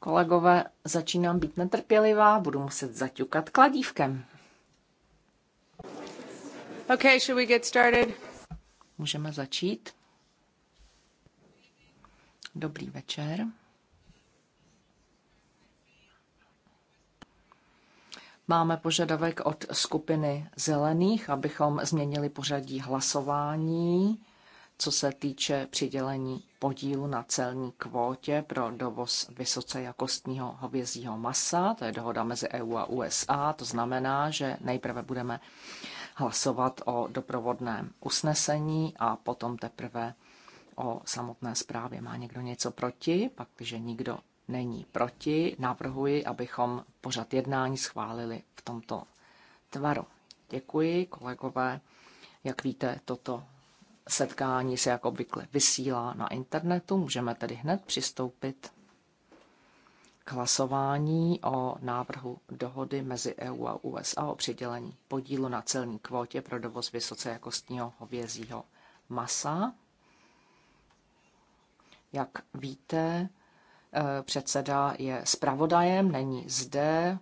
Kolegové, začínám být netrpělivá, budu muset zaťukat kladívkem. Okay, should we get started? Můžeme začít. Dobrý večer. Máme požadavek od skupiny zelených, abychom změnili pořadí hlasování co se týče přidělení podílu na celní kvótě pro dovoz vysoce jakostního hovězího masa. To je dohoda mezi EU a USA. To znamená, že nejprve budeme hlasovat o doprovodném usnesení a potom teprve o samotné zprávě. Má někdo něco proti? Pak, že nikdo není proti, navrhuji, abychom pořad jednání schválili v tomto tvaru. Děkuji, kolegové. Jak víte, toto Setkání se jako obvykle vysílá na internetu, můžeme tedy hned přistoupit k hlasování o návrhu dohody mezi EU a USA o přidělení podílu na celní kvótě pro dovoz vysoce jakostního hovězího masa. Jak víte, eh, předseda je zpravodajem, není zde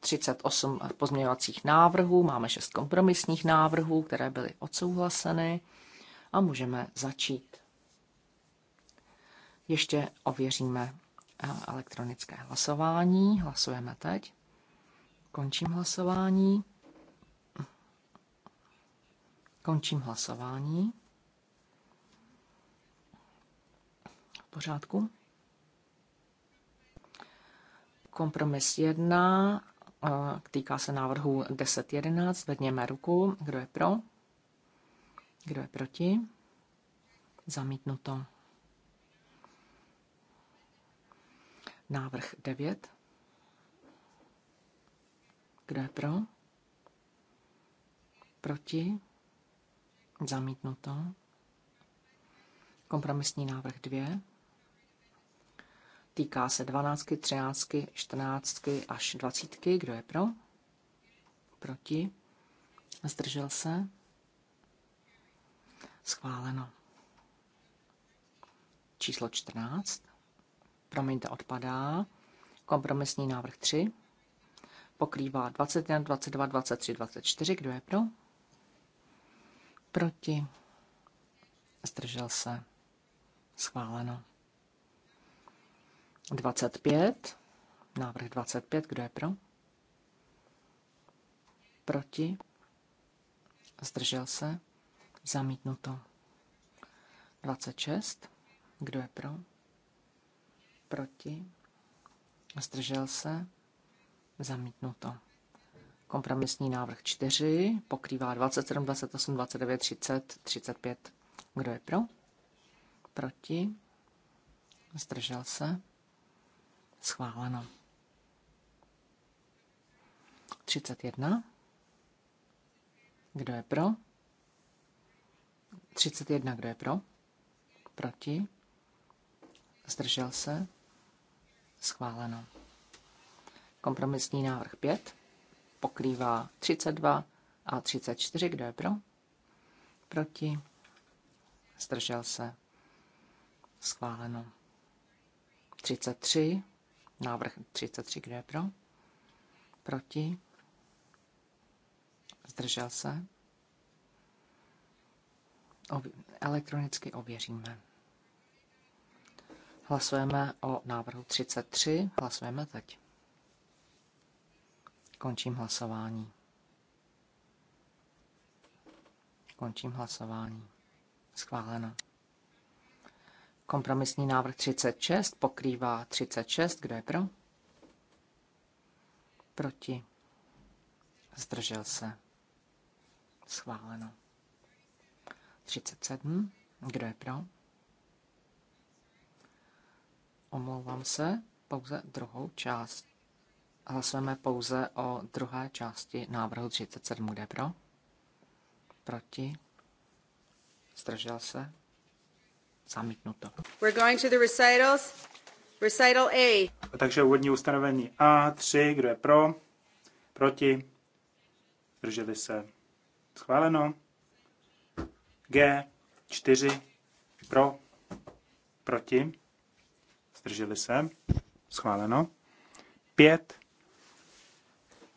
38 eh, pozměňovacích návrhů, máme 6 kompromisních návrhů, které byly odsouhlaseny a můžeme začít. Ještě ověříme eh, elektronické hlasování. Hlasujeme teď. Končím hlasování. Končím hlasování. V pořádku. Kompromis 1 eh, týká se návrhu 10.11. Vedněme ruku. Kdo je pro? Kdo je proti? Zamítnuto. Návrh 9. Kdo je pro? Proti? Zamítnuto. Kompromisní návrh 2. Týká se 12, 13, 14 až 20. Kdo je pro? Proti? Zdržel se? Schváleno. Číslo 14. Promiňte, odpadá. Kompromisní návrh 3. Pokrývá 21, 22, 23, 24. Kdo je pro? Proti. Zdržel se. Schváleno. 25. Návrh 25. Kdo je pro? Proti. Zdržel se. Zamítnuto. 26. Kdo je pro? Proti? Zdržel se? Zamítnuto. Kompromisní návrh 4 pokrývá 27, 28, 29, 30, 35. Kdo je pro? Proti? Zdržel se? Schváleno. 31. Kdo je pro? 31, kdo je pro? Proti? Zdržel se? Schváleno. Kompromisní návrh 5 pokrývá 32 a 34, kdo je pro? Proti? Zdržel se? Schváleno. 33, návrh 33, kdo je pro? Proti? Zdržel se? Elektronicky ověříme. Hlasujeme o návrhu 33. Hlasujeme teď. Končím hlasování. Končím hlasování. Schváleno. Kompromisní návrh 36 pokrývá 36. Kdo je pro? Proti. Zdržel se. Schváleno. 37. Kdo je pro? Omlouvám se, pouze druhou část. Hlasujeme pouze o druhé části návrhu 37. Kdo je pro? Proti? Zdržel se? Zamítnuto. We're going to the recitals. Recital A. Takže úvodní ustanovení A3, kdo je pro, proti, zdrželi se, schváleno. G4 pro, proti, zdrželi se, schváleno. 5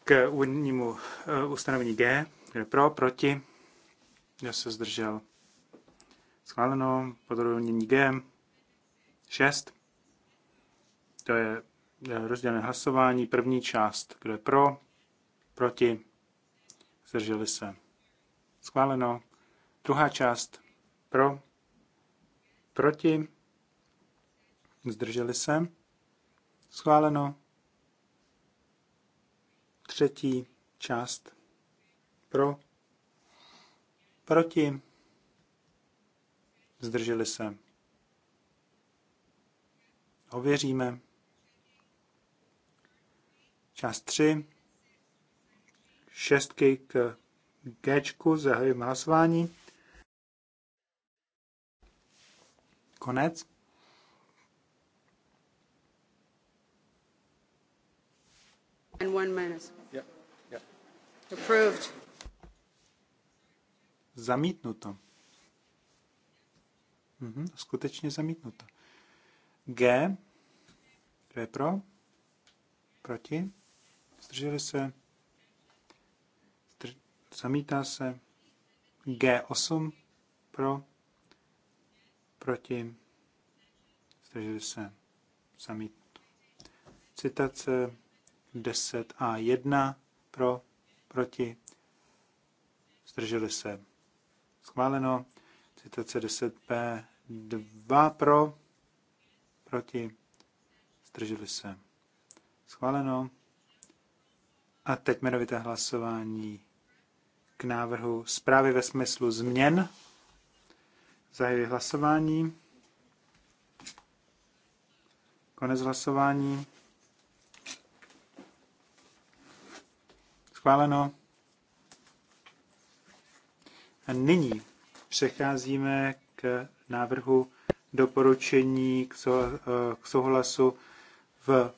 k úvodnímu uh, ustanovení G, kde pro, proti, kdo se zdržel, schváleno. Podrobnění G, 6, to je eh, rozdělené hlasování, první část, kde pro, proti, zdrželi se. Schváleno. Druhá část pro, proti, zdrželi se, schváleno. Třetí část pro, proti, zdrželi se. Ověříme. Část 3. Šestky k Gčku. Zahajujeme hlasování. Konec. And one minus. Yeah, yeah. Approved. Zamítnuto. Mhm, skutečně zamítnuto. G. Kdo je pro? Proti? Zdrželi se? Zdr- zamítá se? G8 pro? proti, zdrželi se Sami. Citace 10a1 pro, proti, zdrželi se schváleno. Citace 10b2 pro, proti, zdrželi se schváleno. A teď jmenovité hlasování k návrhu zprávy ve smyslu změn. Zahajuji hlasování. Konec hlasování. Schváleno. A nyní přecházíme k návrhu doporučení k eh, souhlasu v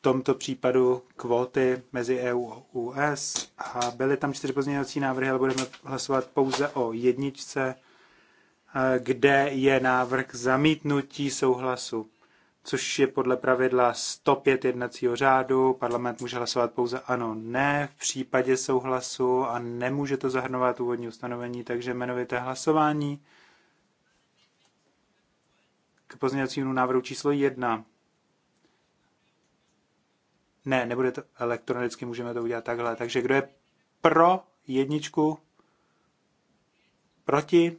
tomto případu kvóty mezi EU a US. A byly tam čtyři pozměňovací návrhy, ale budeme hlasovat pouze o jedničce kde je návrh zamítnutí souhlasu, což je podle pravidla 105 jednacího řádu. Parlament může hlasovat pouze ano, ne v případě souhlasu a nemůže to zahrnovat úvodní ustanovení, takže jmenovité hlasování k pozměňovacímu návrhu číslo 1. Ne, nebude to elektronicky, můžeme to udělat takhle. Takže kdo je pro jedničku? Proti?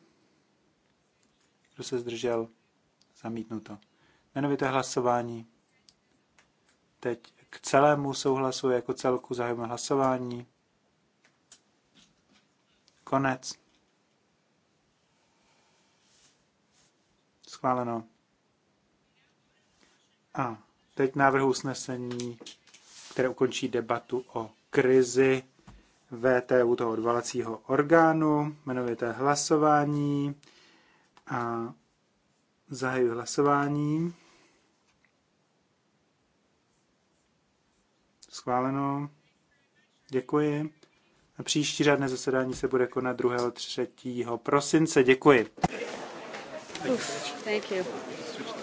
Kdo se zdržel? Zamítnuto. Jmenovité hlasování. Teď k celému souhlasu jako celku zahajujeme hlasování. Konec. Schváleno. A teď návrh usnesení, které ukončí debatu o krizi VTU toho odvalacího orgánu, jmenovité hlasování. A zahajuji hlasování. Schváleno. Děkuji. A příští řádné zasedání se bude konat 2. 3. prosince. Děkuji. Uf, thank you.